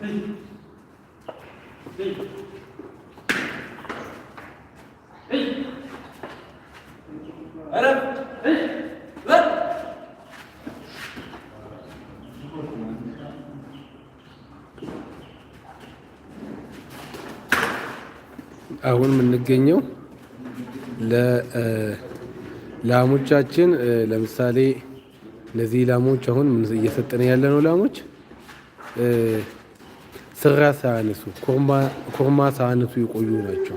አሁን የምንገኘው ለላሞቻችን ለምሳሌ እነዚህ ላሞች አሁን እየሰጠነ ያለነው ላሞች ስራ ሳያነሱ ኮርማ ሳያነሱ የቆዩ ናቸው።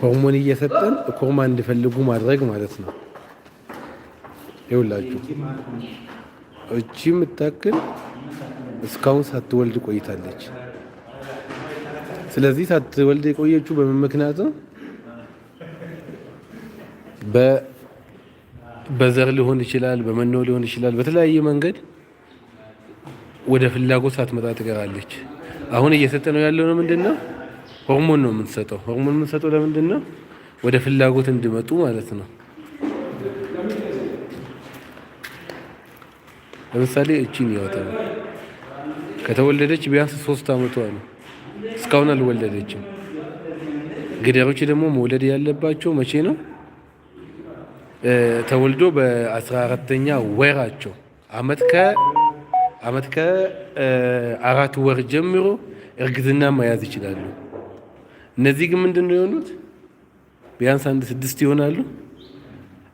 ሆርሞን እየሰጠን ኮርማ እንዲፈልጉ ማድረግ ማለት ነው። ይውላችሁ እቺ የምታክል እስካሁን ሳትወልድ ቆይታለች። ስለዚህ ሳትወልድ የቆየችው በምን ምክንያት ነው? በዘር ሊሆን ይችላል፣ በመኖ ሊሆን ይችላል። በተለያየ መንገድ ወደ ፍላጎት ሳትመጣ ትቀራለች። አሁን እየሰጠ ነው ያለው ነው ምንድን ነው ሆርሞን ነው የምንሰጠው። ሆርሞን የምንሰጠው ለምንድን ነው? ወደ ፍላጎት እንዲመጡ ማለት ነው። ለምሳሌ እቺን ያወጣ ከተወለደች ቢያንስ ሶስት አመቷ ነው። እስካሁን አልወለደችም። ግደሮች ደግሞ መውለድ ያለባቸው መቼ ነው? ተወልዶ በአስራ አራተኛ ወራቸው አመት ከ አመት ከአራት ወር ጀምሮ እርግዝና መያዝ ይችላሉ። እነዚህ ግን ምንድን ነው የሆኑት? ቢያንስ አንድ ስድስት ይሆናሉ።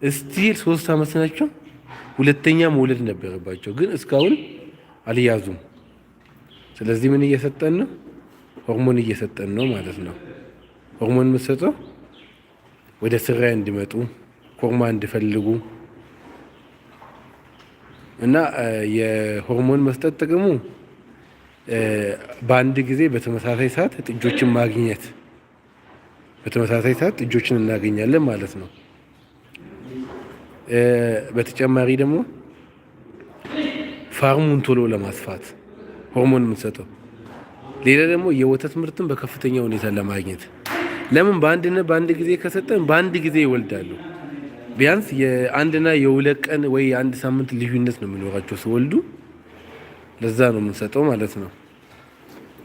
እስቲል ሶስት አመት ናቸው። ሁለተኛ መውለድ ነበረባቸው፣ ግን እስካሁን አልያዙም። ስለዚህ ምን እየሰጠን ነው? ሆርሞን እየሰጠን ነው ማለት ነው። ሆርሞን የምትሰጠው ወደ ስራ እንዲመጡ ኮርማ እንዲፈልጉ እና የሆርሞን መስጠት ጥቅሙ በአንድ ጊዜ በተመሳሳይ ሰዓት ጥጆችን ማግኘት በተመሳሳይ ሰዓት ጥጆችን እናገኛለን ማለት ነው። በተጨማሪ ደግሞ ፋርሙን ቶሎ ለማስፋት ሆርሞን የምንሰጠው፣ ሌላ ደግሞ የወተት ምርትን በከፍተኛ ሁኔታ ለማግኘት ለምን በአንድነት በአንድ ጊዜ ከሰጠን በአንድ ጊዜ ይወልዳሉ። ቢያንስ የአንድና የሁለት ቀን ወይ የአንድ ሳምንት ልዩነት ነው የሚኖራቸው ሲወልዱ። ለዛ ነው የምንሰጠው ማለት ነው።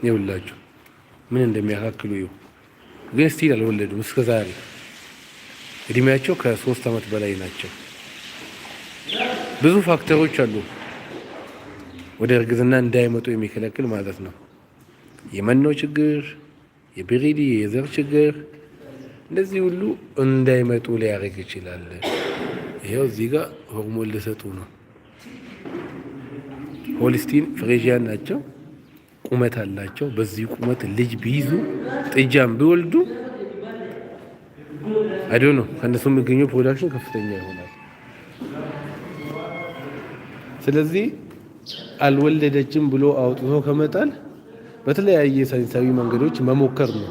ይኸውላችሁ ምን እንደሚያካክሉ ይሁ ግን ስቲል አልወለዱም እስከ ዛሬ እድሜያቸው ከሶስት አመት በላይ ናቸው። ብዙ ፋክተሮች አሉ ወደ እርግዝና እንዳይመጡ የሚከለክል ማለት ነው። የመኖ ችግር፣ የብሪዲ የዘር ችግር እነዚህ ሁሉ እንዳይመጡ ሊያደርግ ይችላል። ይኸው እዚህ ጋር ሆርሞን ልሰጡ ነው። ሆልስቲን ፍሬዥያን ናቸው። ቁመት አላቸው። በዚህ ቁመት ልጅ ቢይዙ ጥጃም ቢወልዱ አይዶ ነው ከእነሱ የሚገኘው ፕሮዳክሽን ከፍተኛ ይሆናል። ስለዚህ አልወለደችም ብሎ አውጥቶ ከመጣል በተለያየ ሳይንሳዊ መንገዶች መሞከር ነው።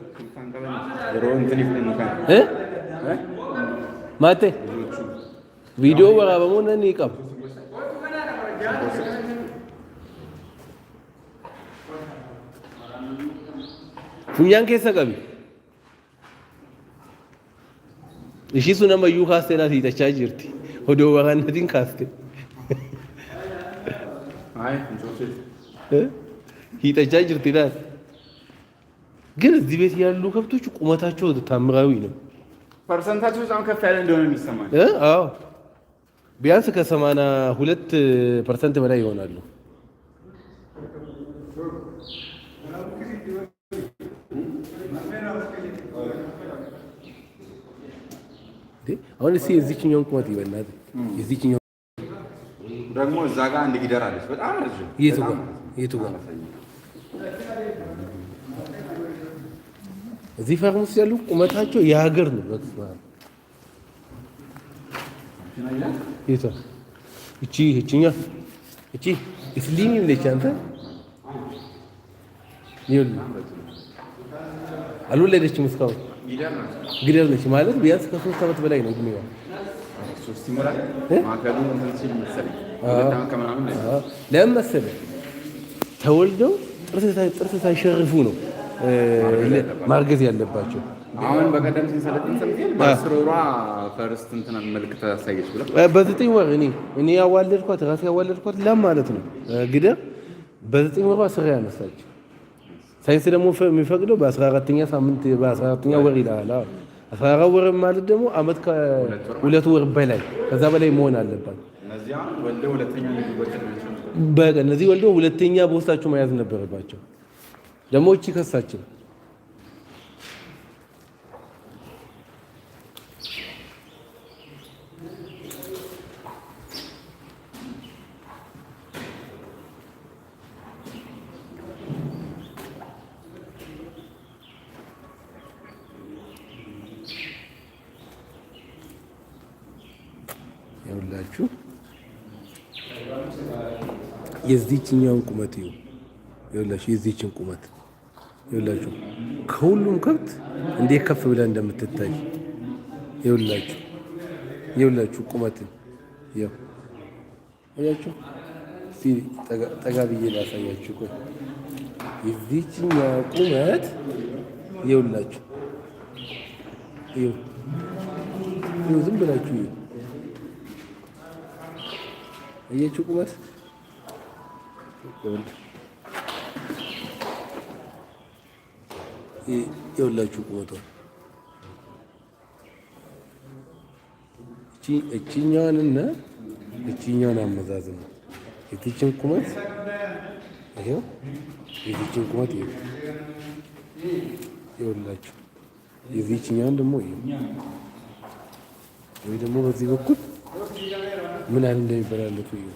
ማቴ ቪዲዮ ወራበሙን ነን ይቀብ funyaan keessa qabi. Ishii sun ammayyuu kaastee na hiixachaa jirti. Odoo waraannatiin kaaste. Hiixachaa jirti laata? ግን እዚህ ቤት ያሉ ከብቶች ቁመታቸው ታምራዊ ነው። ፐርሰንታቸው በጣም ከፍ ያለ እንደሆነ የሚሰማኝ አዎ፣ ቢያንስ ከሰማንያ ሁለት ፐርሰንት በላይ ይሆናሉ። አሁን እስኪ የዚችኛውን ቁመት ይበናት። የዚችኛው ደግሞ እዛ ጋር አንድ ጊደር አለች። በጣም ረጅም የቱ ጋር እዚህ ፋርም ውስጥ ያሉ ቁመታቸው የሀገር ነው። እቺ እቺኛ እቺ እስሊም ይለች አንተ አልወለደችም እስካሁን ግደር ነች ማለት ቢያንስ ከሶስት ዓመት በላይ ነው ለምን መሰለህ ተወልደው ጥርስ ሳይሸርፉ ነው ማርገት ያለባቸው። አሁን በቀደም ሲሰለጥን ሰምቴል በአስር ወሯ ፈርስት እንትን ምልክት አሳየች ብለህ በዘጠኝ ወር እኔ እኔ ያዋለድኳት ራሴ ያዋለድኳት ላም ማለት ነው ግደር በዘጠኝ ወሯ ስራ ያነሳች። ሳይንስ ደግሞ የሚፈቅደው በ 14 ሳምንት በ 14 ወር ይላል። አስራ አራት ወር ማለት ደግሞ አመት ከሁለት ወር በላይ ከዛ በላይ መሆን አለባት። እነዚህ ወልደው ሁለተኛ ቦስታቸው መያዝ ነበረባቸው። ደግሞ እቺ ከሳችን ያውላችሁ የዚህኛውን ቁመት ይኸው፣ ያውላችሁ የዚህችን ቁመት ይኸውላችሁ ከሁሉም ከብት እንዴት ከፍ ብላ እንደምትታይ ይኸውላችሁ ይኸውላችሁ ቁመትን ይው አያችሁ። እስቲ ጠጋ ብዬ ላሳያችሁ። ቆይ የዚህችኛ ቁመት ይኸውላችሁ፣ ይው ዝም ብላችሁ ይኸው አያችሁ ቁመት የወላችሁ ቁመቷ እችኛዋንና እችኛዋን አመዛዝን ነው። የትችን ቁመት ይሄው የትችን ቁመት ይሄው የወላችሁ የዚህችኛዋን ደግሞ ይሄው ወይ ደግሞ በዚህ በኩል ምን ያህል እንደሚበላለቱ ይሄው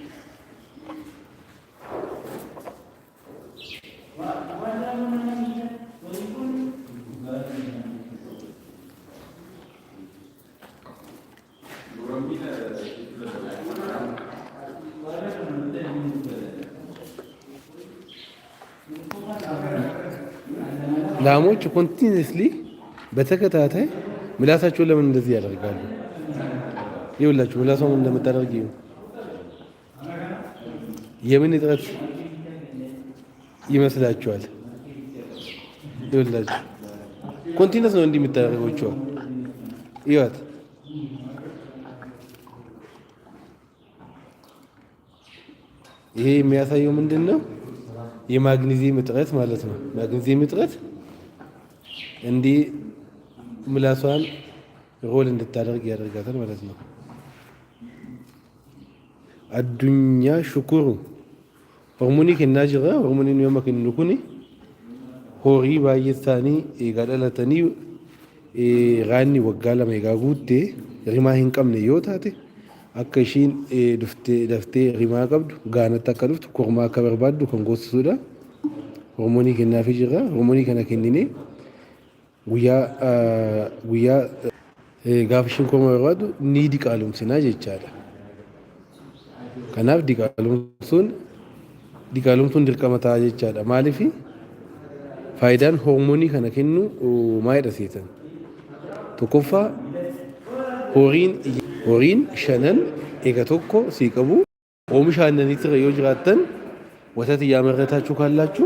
ላሞች ኮንቲኒስሊ በተከታታይ ምላሳቸውን ለምን እንደዚህ ያደርጋሉ? ይውላችሁ ምላሷን እንደምታደርግ የምን እጥረት ይመስላችኋል? ይውላችሁ ኮንቲኒስ ነው እንዲህ የምታደርገው ይወት ይሄ የሚያሳየው ምንድን ነው? የማግኒዚየም እጥረት ማለት ነው። ማግኒዚየም እጥረት እንዲ ምላሷን ሮል እንድታደርግ ያደርጋታል ማለት ነው። አዱኛ ሽኩሩ ሆርሞኒ ከናጅራ ሆርሞኒ ነው ማከንኩኒ ሆሪ ባይታኒ ኢጋዳላተኒ ኢራኒ ወጋለ ማይጋጉቴ ሪማ ሂንቀምነ ዮታቴ አከሺን ዱፍቴ ደፍቴ ሪማ ቀብዱ ጋነታ ከዱፍት ኮርማ ከበርባዱ ከንጎስሱዳ ሆርሞኒ ከናፊጅራ ሆርሞኒ ከናከንኒኔ guyyaa gaafishin koma barbaadu ni diqaalomsinaa jechaadha. Kanaaf diqaalomsuun diqaalomsuun dirqama ta'a jechaadha. Maaliif faayidaan hoormoonii kana kennu maalidha seetan? Tokkoffaa horiin shanan ega tokko sii qabu oomisha aannaniitti irra yoo jiraattan ወተት እያመረታችሁ ካላችሁ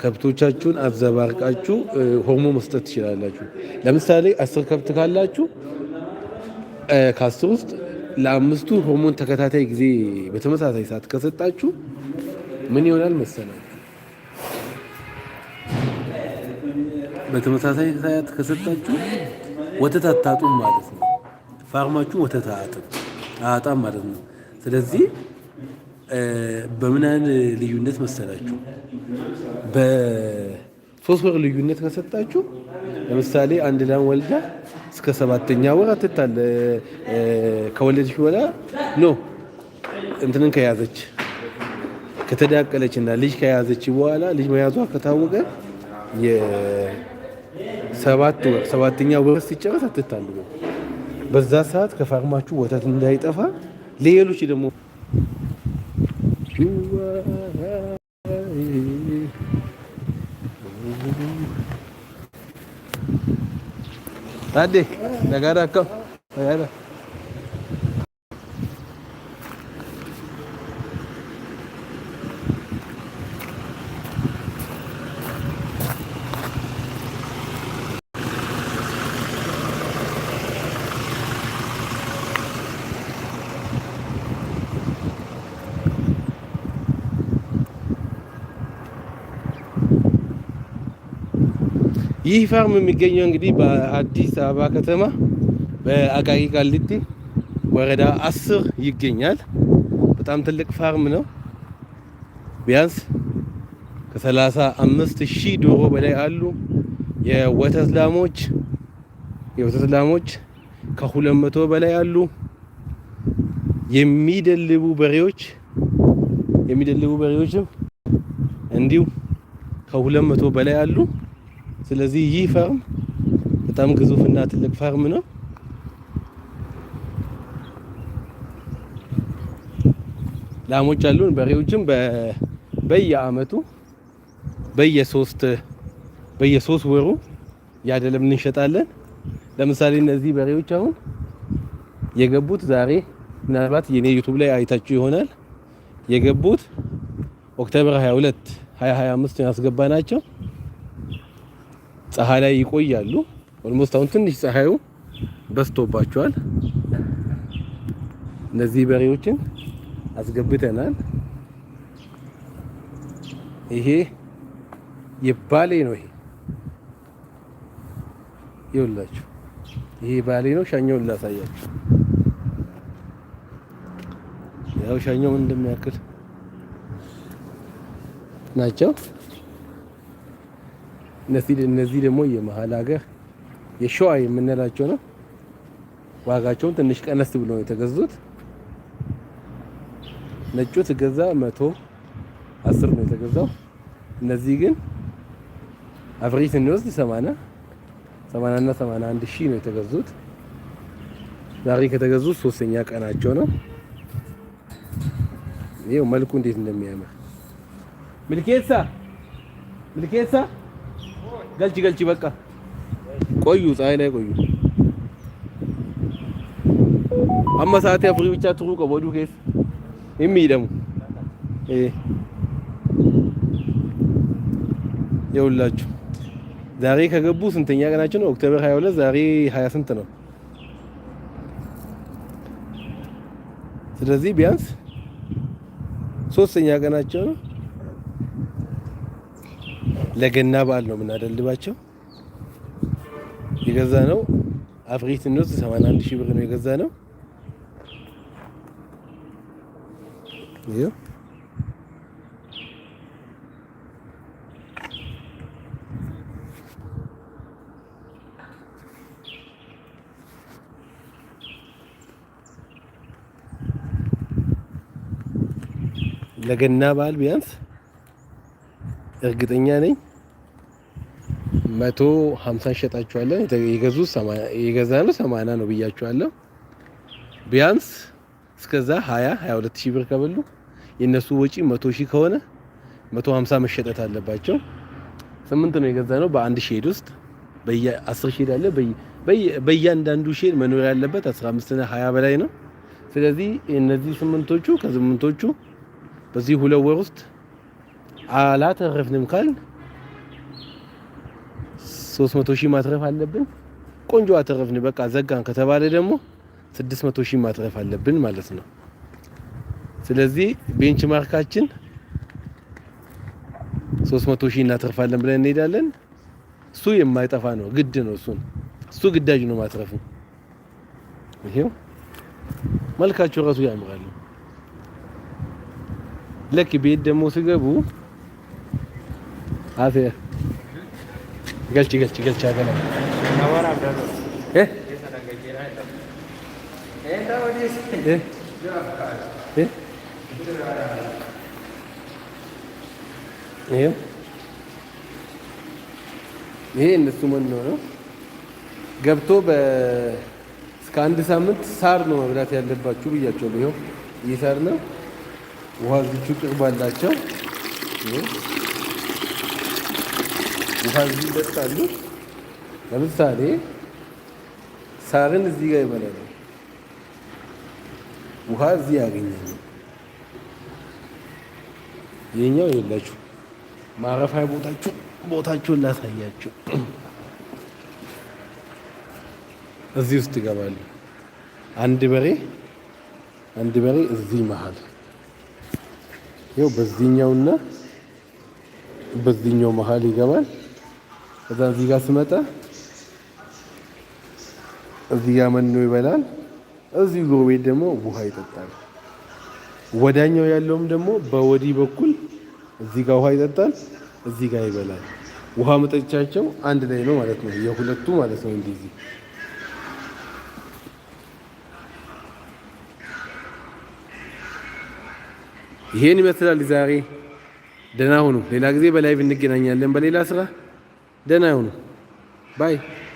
ከብቶቻችሁን አዘባርቃችሁ ሆርሞ መስጠት ትችላላችሁ። ለምሳሌ አስር ከብት ካላችሁ ከአስር ውስጥ ለአምስቱ ሆርሞን ተከታታይ ጊዜ በተመሳሳይ ሰዓት ከሰጣችሁ ምን ይሆናል መሰላችሁ? በተመሳሳይ ሰዓት ከሰጣችሁ ወተት አታጡም ማለት ነው። ፋርማችሁ ወተት አያጣም ማለት ነው። ስለዚህ በምን ያህል ልዩነት መሰላችሁ? በሶስት ወር ልዩነት ከሰጣችሁ ለምሳሌ አንድ ላም ወልዳ እስከ ሰባተኛ ወር አትታለ ከወለደች በኋላ ኖ እንትንን ከያዘች ከተዳቀለች እና ልጅ ከያዘች በኋላ ልጅ መያዟ ከታወቀ ሰባተኛ ወር ሲጨረስ አትታሉ። በዛ ሰዓት ከፋርማችሁ ወተት እንዳይጠፋ ሌሎች ደግሞ ¡Vaya! ¡La garra acá! ¡La garra! ይህ ፋርም የሚገኘው እንግዲህ በአዲስ አበባ ከተማ በአቃቂ ቃሊቲ ወረዳ አስር ይገኛል። በጣም ትልቅ ፋርም ነው። ቢያንስ ከሰላሳ አምስት ሺህ ዶሮ በላይ አሉ። የወተት ላሞች የወተት ላሞች ከሁለት መቶ በላይ አሉ። የሚደልቡ በሬዎች የሚደልቡ በሬዎችም እንዲሁ ከሁለት መቶ በላይ አሉ። ስለዚህ ይህ ፈርም በጣም ግዙፍ እና ትልቅ ፈርም ነው። ላሞች አሉን፣ በሬዎችም በየአመቱ በየሶስት በየሶስት ወሩ ያደለም እንሸጣለን። ለምሳሌ እነዚህ በሬዎች አሁን የገቡት ዛሬ ምናልባት የኔ ዩቲዩብ ላይ አይታችሁ ይሆናል የገቡት ኦክቶበር 22 2025 ያስገባ ናቸው። ፀሐይ ላይ ይቆያሉ። ኦልሞስት አሁን ትንሽ ፀሐዩ በስቶባቸዋል። እነዚህ በሬዎችን አስገብተናል። ይሄ የባሌ ነው። ይሄ ይኸውላችሁ፣ ይሄ ባሌ ነው። ሻኛውን ላሳያችሁ። ያው ሻኛውን እንደሚያክል ናቸው። እነዚህ ደግሞ የመሀል ሀገር የሸዋ የምንላቸው ነው። ዋጋቸውን ትንሽ ቀነስ ብሎ ነው የተገዙት። ነጩ ትገዛ መቶ አስር ነው የተገዛው። እነዚህ ግን አፍሪት እንወስድ ሰማና ሰማናና ሰማና አንድ ሺህ ነው የተገዙት። ዛሬ ከተገዙት ሶስተኛ ቀናቸው ነው። ይኸው መልኩ እንዴት እንደሚያምር ምልኬሳ ምልኬሳ ገልጭ ገልጭ። በቃ ቆዩ፣ ፀሐይ ላይ ቆዩ። አማ ሰዓት አፍሪ ብቻ ትሩ ከቦዱ ኬስ የሚደሙ የውላችሁ ዛሬ ከገቡ ስንተኛ ቀናችን ነው? ኦክቶበር 22 ዛሬ 20 ስንት ነው? ስለዚህ ቢያንስ ሶስተኛ ቀናቸው ነው። ለገና በዓል ነው የምናደልባቸው። የገዛ ነው አፍሪት ኖት 81 ሺህ ብር ነው የገዛ ነው። ለገና በዓል ቢያንስ እርግጠኛ ነኝ መቶ ሀምሳ እንሸጣችኋለን የገዙ የገዛ ነው ሰማንያ ነው ብያችኋለሁ። ቢያንስ እስከዛ ሀያ ሀያ ሁለት ሺህ ብር ከበሉ የእነሱ ወጪ መቶ ሺህ ከሆነ መቶ ሀምሳ መሸጠት አለባቸው። ስምንት ነው የገዛ ነው በአንድ ሼድ ውስጥ በየ ሼድ አለ በእያንዳንዱ ሼድ መኖር ያለበት 15 ና ሀያ በላይ ነው። ስለዚህ እነዚህ ስምንቶቹ ከስምንቶቹ በዚህ ሁለት ወር ውስጥ አላተረፍንም ካል 300 ሺህ ማትረፍ አለብን። ቆንጆ አተረፍን፣ በቃ ዘጋን ከተባለ ደግሞ 600 ሺህ ማትረፍ አለብን ማለት ነው። ስለዚህ ቤንች ማርካችን 300 ሺህ እናትርፋለን ብለን እንሄዳለን። እሱ የማይጠፋ ነው፣ ግድ ነው። እሱ እሱ ግዳጅ ነው ማትረፉ። ይሄው መልካቸው ራሱ ያምራል። ለክ ቤት ደግሞ ሲገቡ አፌ ገልጭ ገልጭ ገልጭ ያገናኝ ይሄ እነሱ ምን ነው ገብቶ እስከ አንድ ሳምንት ሳር ነው መብላት ያለባችሁ ብያቸው። ይሄው ይህ ሳር ነው። ውሃ ዝቹ ቅርብ አላቸው። ውሃ እዚህ ይለቅቃሉ። ለምሳሌ ሳርን እዚህ ጋር ይበላሉ፣ ውሃ እዚህ ያገኛሉ። ይህኛው የላችሁ ማረፊያ ቦታችሁ ቦታችሁን ላሳያችሁ። እዚህ ውስጥ ይገባሉ። አንድ በሬ አንድ በሬ እዚህ መሀል ይኸው በዚህኛውና በዚህኛው መሀል ይገባል። እዛ እዚህ ጋር ስመጣ እዚህ ጋር መኖ ይበላል። እዚህ ጎ ቤት ደግሞ ውሃ ይጠጣል። ወዳኛው ያለውም ደግሞ በወዲህ በኩል እዚህ ጋር ውሃ ይጠጣል፣ እዚህ ጋር ይበላል። ውሃ መጠጫቸው አንድ ላይ ነው ማለት ነው፣ የሁለቱ ማለት ነው። እንደዚህ ይሄን ይመስላል ዛሬ። ደህና ሁኑ። ሌላ ጊዜ በላይቭ እንገናኛለን በሌላ ስራ Then I uno. Bye.